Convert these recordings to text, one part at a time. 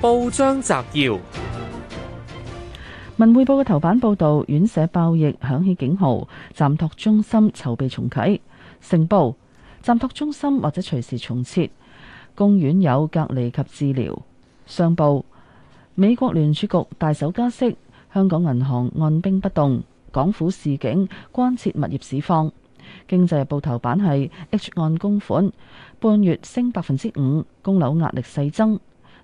報章摘要：《文匯報》嘅頭版報道，院舍爆疫響起警號，暫托中心籌備重啟。成報暫托中心或者隨時重設。公園有隔離及治療。商報美國聯儲局大手加息，香港銀行按兵不動。港府示警，關切物業市況。《經濟日報》頭版係 H 案供款，半月升百分之五，供樓壓力細增。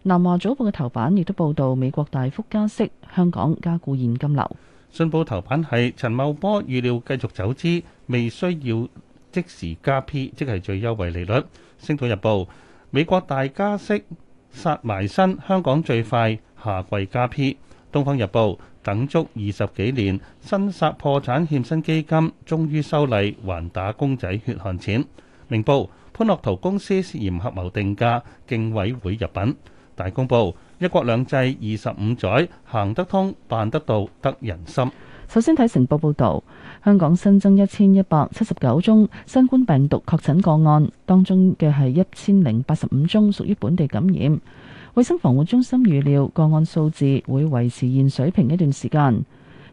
南華早報嘅頭版亦都報道，美國大幅加息，香港加固現金流。信報頭版係陳茂波預料繼續走資，未需要即時加 P，即係最優惠利率。星島日報，美國大加息殺埋身，香港最快下季加 P。東方日報，等足二十幾年，新殺破產欠薪基金終於收禮，還打工仔血汗錢。明報，潘樂圖公司涉嫌合謀定價，競委會入稟。大公報，一國兩制二十五載，行得通，辦得到，得人心。首先睇成報報道，香港新增一千一百七十九宗新冠病毒確診個案，當中嘅係一千零八十五宗屬於本地感染。衛生防護中心預料個案數字會維持現水平一段時間。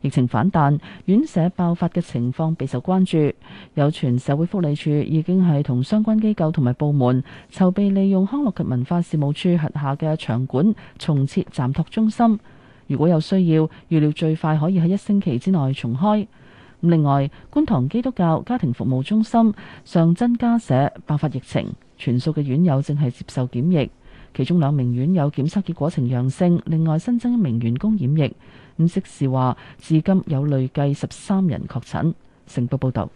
疫情反彈，院舍爆發嘅情況備受關注。有傳社會福利署已經係同相關機構同埋部門籌備利用康樂及文化事務處轄下嘅場館重設暫託中心。如果有需要，預料最快可以喺一星期之內重開。另外，觀塘基督教家庭服務中心上增加社爆發疫情，全數嘅院友正係接受檢疫，其中兩名院友檢測結果呈陽性，另外新增一名員工染疫。五色是話，至今有累計十三人確診。成報報道，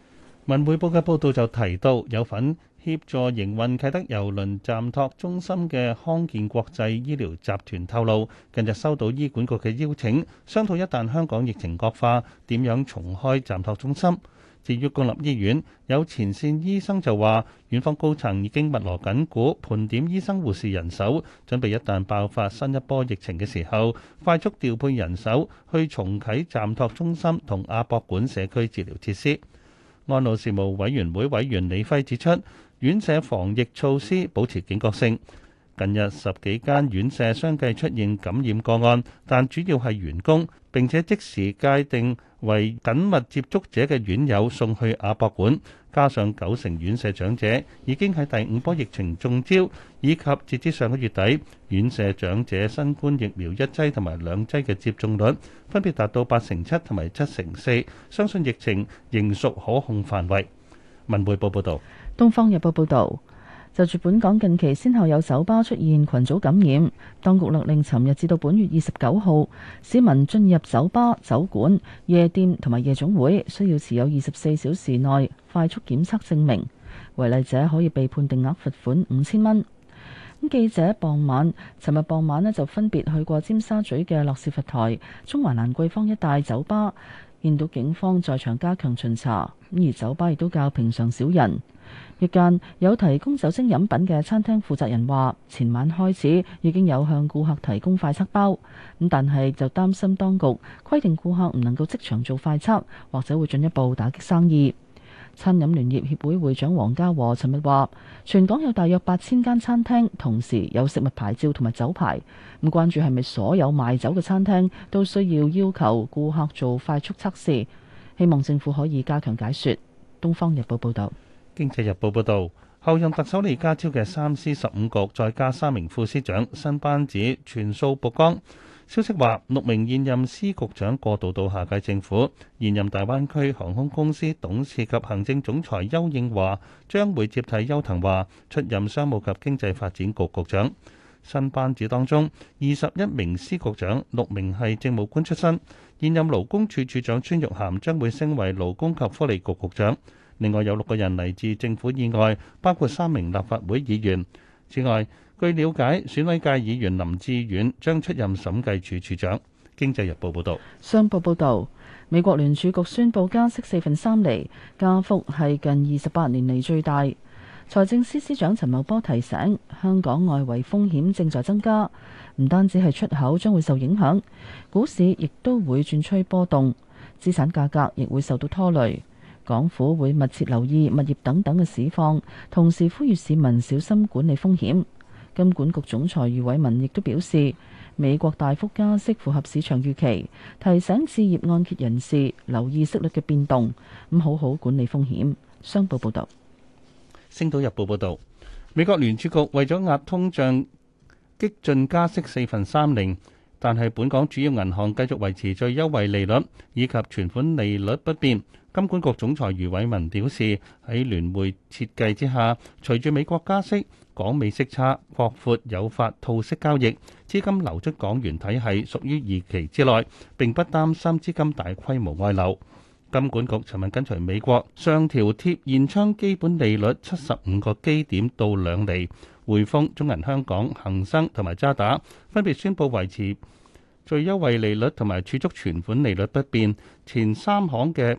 文匯報嘅報道就提到，有份協助營運啟德郵輪暫託中心嘅康健國際醫療集團透露，近日收到醫管局嘅邀請，商討一旦香港疫情惡化，點樣重開暫託中心。至於公立醫院，有前線醫生就話，院方高層已經密鑼緊鼓，盤點醫生護士人手，準備一旦爆發新一波疫情嘅時候，快速調配人手去重啟暫託中心同亞博館社區治療設施。安老事務委員會委員李輝指出，院舍防疫措施保持警覺性。近日十幾間院舍相繼出現感染個案，但主要係員工，並且即時界定，為緊密接觸者嘅院友送去亞博館，加上九成院舍長者已經喺第五波疫情中招，以及截至上個月底，院舍長者新冠疫苗一劑同埋兩劑嘅接種率分別達到八成七同埋七成四，相信疫情仍屬可控範圍。文匯報報道。東方日報報道。就住本港近期，先後有酒吧出現群組感染，當局勒令尋日至到本月二十九號，市民進入酒吧、酒館、夜店同埋夜總會需要持有二十四小時內快速檢測證明。違例者可以被判定額罰款五千蚊。記者傍晚，尋日傍晚呢，就分別去過尖沙咀嘅樂士佛台、中環蘭桂坊一帶酒吧。見到警方在場加強巡查，咁而酒吧亦都較平常少人。一間有提供酒精飲品嘅餐廳負責人話，前晚開始已經有向顧客提供快測包，咁但係就擔心當局規定顧客唔能夠即場做快測，或者會進一步打擊生意。餐飲聯業協會會長黃家和尋日話，全港有大約八千間餐廳，同時有食物牌照同埋酒牌。咁關注係咪所有賣酒嘅餐廳都需要要求顧客做快速測試？希望政府可以加強解說。東方日報報道，經濟日報報道，後任特首李家超嘅三司十五局再加三名副司長新班子全數曝光。消息話，六名現任司局長過渡到下屆政府。現任大灣區航空公司董事及行政總裁邱應華將會接替邱騰華出任商務及經濟發展局局長。新班子當中，二十一名司局長，六名係政務官出身。現任勞工處處長孫玉菡將會升為勞工及福利局局長。另外有六個人嚟自政府以外，包括三名立法會議員。此外，據了解，選委界議員林志遠將出任審計處處長。經濟日報報導，商報報導，美國聯儲局宣布加息四分三厘，加幅係近二十八年嚟最大。財政司司長陳茂波提醒，香港外圍風險正在增加，唔單止係出口將會受影響，股市亦都會轉趨波動，資產價格亦會受到拖累。港府會密切留意物業等等嘅市況，同時呼籲市民小心管理風險。金管局總裁余偉文亦都表示，美國大幅加息符合市場預期，提醒置業按揭人士留意息率嘅變動，咁好好管理風險。商報報導，《星島日報》報導，美國聯儲局為咗壓通脹，激進加息四分三厘。但係，本港主要銀行繼續維持最優惠利率，以及存款利率不變。金管局總裁余偉文表示，喺聯匯設計之下，隨住美國加息，港美息差擴闊，有發套息交易，資金流出港元體系屬於預期之內，並不擔心資金大規模外流。金管局尋日跟隨美國上調貼現窗基本利率七十五個基點到兩厘。匯豐、中銀香港、恒生同埋渣打分別宣布維持最優惠利率同埋儲蓄存款利率不變。前三行嘅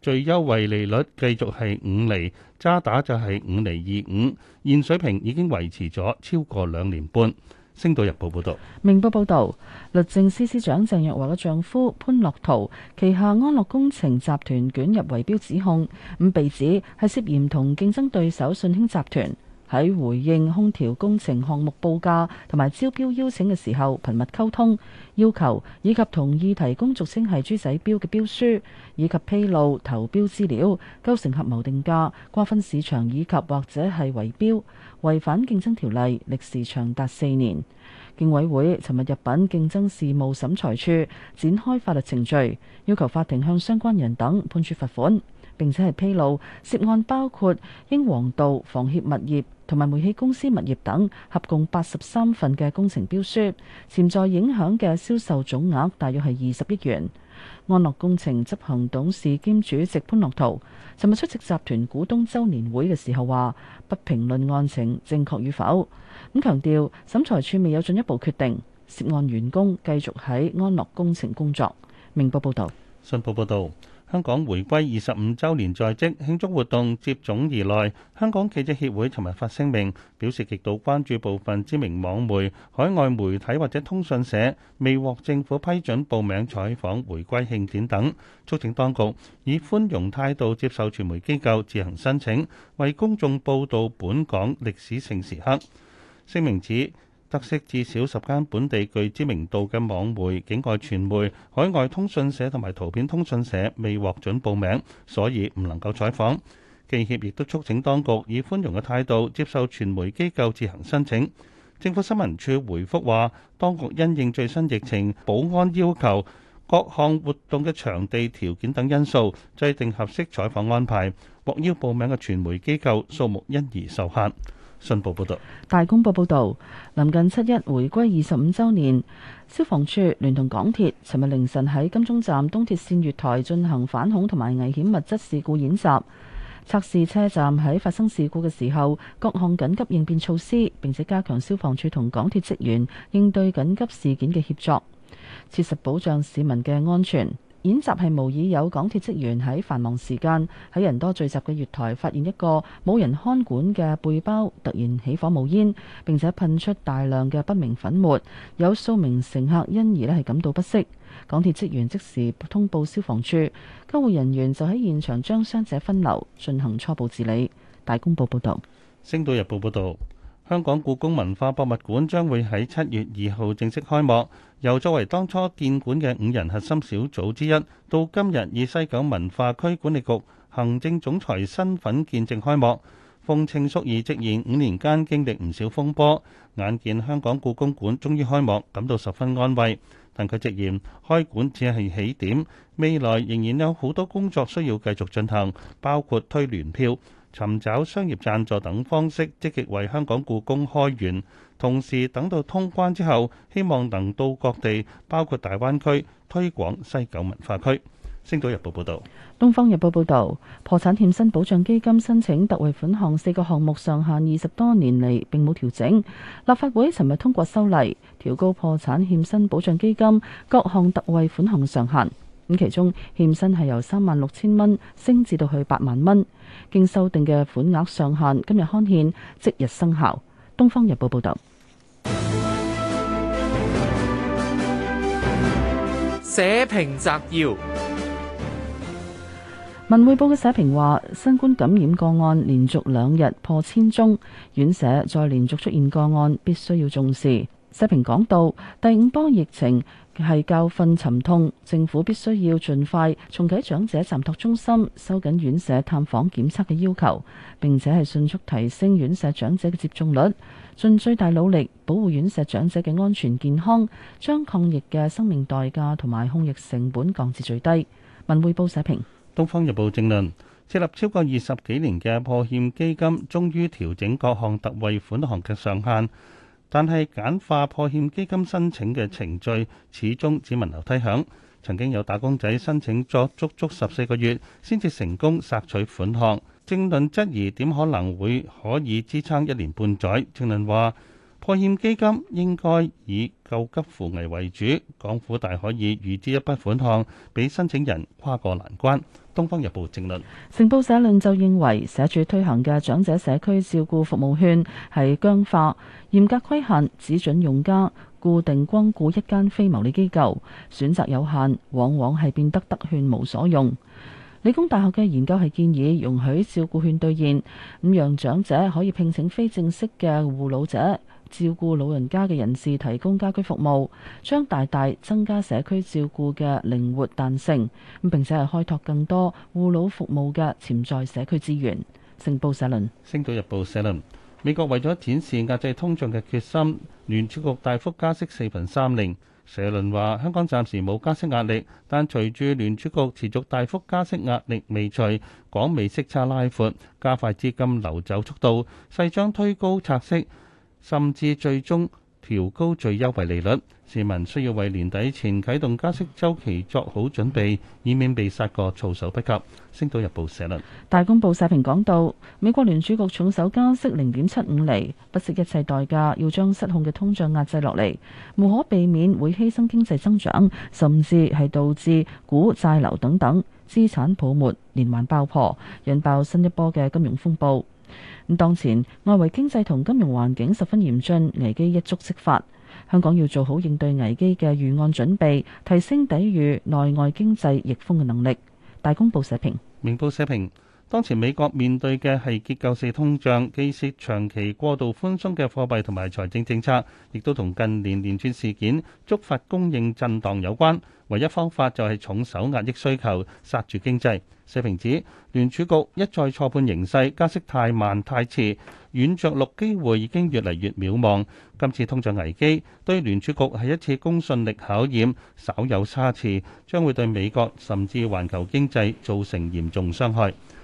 最優惠利率繼續係五厘，渣打就係五厘二五，現水平已經維持咗超過兩年半。星島日報報道，明報報道，律政司司長鄭若驊嘅丈夫潘樂陶旗下安樂工程集團捲入圍標指控，咁被指係涉嫌同競爭對手信興集團。喺回應空調工程項目報價同埋招標邀請嘅時候，頻密溝通，要求以及同意提供俗稱係豬仔標嘅標書，以及披露投標資料，構成合謀定價、瓜分市場以及或者係圍標，違反競爭條例，歷時長達四年。競委會尋日入稟競爭事務審裁處，展開法律程序，要求法庭向相關人等判處罰款，並且係披露涉案包括英皇道房協物業。同埋，煤氣公司物業等合共八十三份嘅工程標書，潛在影響嘅銷售總額大約係二十億元。安樂工程執行董事兼主席潘樂圖尋日出席集團股東周年會嘅時候話：不評論案情正確與否。咁強調，審裁處未有進一步決定，涉案員工繼續喺安樂工程工作。明報報道，信報報道。香港回歸二十五週年在即，慶祝活動接踵而來。香港記者協會尋日發聲明，表示極度關注部分知名網媒、海外媒體或者通訊社未獲政府批准報名採訪回歸慶典等，促請當局以寬容態度接受傳媒機構自行申請，為公眾報導本港歷史性時刻。聲明指。特色至少十間本地具知名度嘅網媒、境外傳媒、海外通訊社同埋圖片通訊社未獲准報名，所以唔能夠採訪。記協亦都促請當局以寬容嘅態度接受傳媒機構自行申請。政府新聞處回覆話，當局因應最新疫情、保安要求、各項活動嘅場地條件等因素，制定合適採訪安排，獲邀報名嘅傳媒機構數目因而受限。信大公報報導，臨近七一回歸二十五週年，消防處聯同港鐵，尋日凌晨喺金鐘站東鐵線月台進行反恐同埋危險物質事故演習，測試車站喺發生事故嘅時候，各項緊急應變措施，並且加強消防處同港鐵職員應對緊急事件嘅協作，切實保障市民嘅安全。演習係模擬有港鐵職員喺繁忙時間，喺人多聚集嘅月台發現一個冇人看管嘅背包，突然起火冒煙，並且噴出大量嘅不明粉末。有數名乘客因而咧係感到不適。港鐵職員即時通報消防處，救護人員就喺現場將傷者分流，進行初步治理。大公報報導，《星島日報》報道。香港故宮文化博物館將會喺七月二號正式開幕。由作為當初建館嘅五人核心小組之一，到今日以西九文化區管理局行政總裁身份見證開幕，馮程淑儀直言五年間經歷唔少風波，眼見香港故宮館終於開幕，感到十分安慰。但佢直言開館只係起點，未來仍然有好多工作需要繼續進行，包括推聯票、尋找商業贊助等方式，積極為香港故宮開源，同時等到通關之後，希望能到各地，包括大灣區，推廣西九文化區。星島日報報導。東方日報報導，破產欠薪保障基金申請特惠款項四個項目上限二十多年嚟並冇調整。立法會尋日通過修例，調高破產欠薪保障基金各項特惠款項上限。咁其中欠薪係由三萬六千蚊升至到去八萬蚊，經修訂嘅款額上限今日刊憲，即日生效。東方日報報道。社評摘要：文匯報嘅社評話，新冠感染個案連續兩日破千宗，院舍再連續出現個案，必須要重視。社評講到第五波疫情。係教訓沉痛，政府必須要盡快重啟長者暫託中心，收緊院舍探訪檢測嘅要求，並且係迅速提升院舍長者嘅接種率，盡最大努力保護院舍長者嘅安全健康，將抗疫嘅生命代價同埋控疫成本降至最低。文匯報社評，《東方日報》政論：設立超過二十幾年嘅破欠基金，終於調整各項特惠款項嘅上限。但係簡化破欠基金申請嘅程序，始終只聞樓梯響。曾經有打工仔申請咗足足十四個月先至成功索取款項。政論質疑點可能會可以支撐一年半載。政論話破欠基金應該以救急扶危為主，港府大可以預支一筆款項俾申請人跨過難關。《東方日報》正論，成報社論就認為，社署推行嘅長者社區照顧服務券係僵化，嚴格規限，只准用家固定光顧一間非牟利機構，選擇有限，往往係變得得券無所用。理工大學嘅研究係建議容許照顧券兌現，咁讓長者可以聘請非正式嘅護老者。照顧老人家嘅人士提供家居服務，將大大增加社區照顧嘅靈活彈性，咁並且係開拓更多護老服務嘅潛在社區資源。成報社論。《星島日報》社論，美國為咗展示壓制通脹嘅決心，聯儲局大幅加息四分三厘。社論話，香港暫時冇加息壓力，但隨住聯儲局持續大幅加息壓力未除，港美息差拉闊，加快資金流走速度，勢將推高拆息。甚至最終調高最優惠利率，市民需要為年底前啟動加息周期作好準備，以免被殺個措手不及。星島日報社論。大公報社評講到：美國聯儲局重手加息零點七五厘，不惜一切代價要將失控嘅通脹壓制落嚟，無可避免會犧牲經濟增長，甚至係導致股債樓等等資產泡沫連環爆破，引爆新一波嘅金融風暴。咁當前外圍經濟同金融環境十分嚴峻，危機一觸即發。香港要做好應對危機嘅預案準備，提升抵禦內外經濟逆風嘅能力。大公報社評，明報社評。當前美國面對嘅係結構性通脹，既是長期過度寬鬆嘅貨幣同埋財政政策，亦都同近年連串事件觸發供應震盪有關。唯一方法就係重手壓抑需求，殺住經濟。社評指聯儲局一再錯判形勢，加息太慢太遲，軟著陸機會已經越嚟越渺茫。今次通脹危機對聯儲局係一次公信力考驗，稍有差池，將會對美國甚至環球經濟造成嚴重傷害。